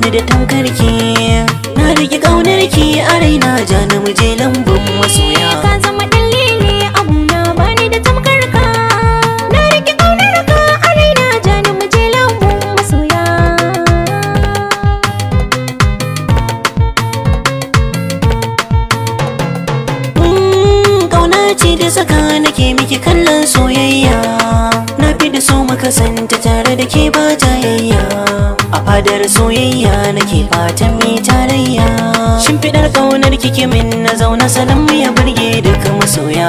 bani da tankarki na rike kaunarki a raina ja na muje lambun masoya ka zama dalili abuna bani da tamkarka na rike kaunarka a raina ja na muje lambun masoya kauna mm, ce da saka nake miki kallon soyayya na fi da so santa tare da ke ba jayayya fadar soyayya nake fatan me tarayya Shin shimfiɗar ƙaunar kike min na zauna sanan ya burge duka masoya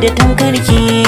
da tankarki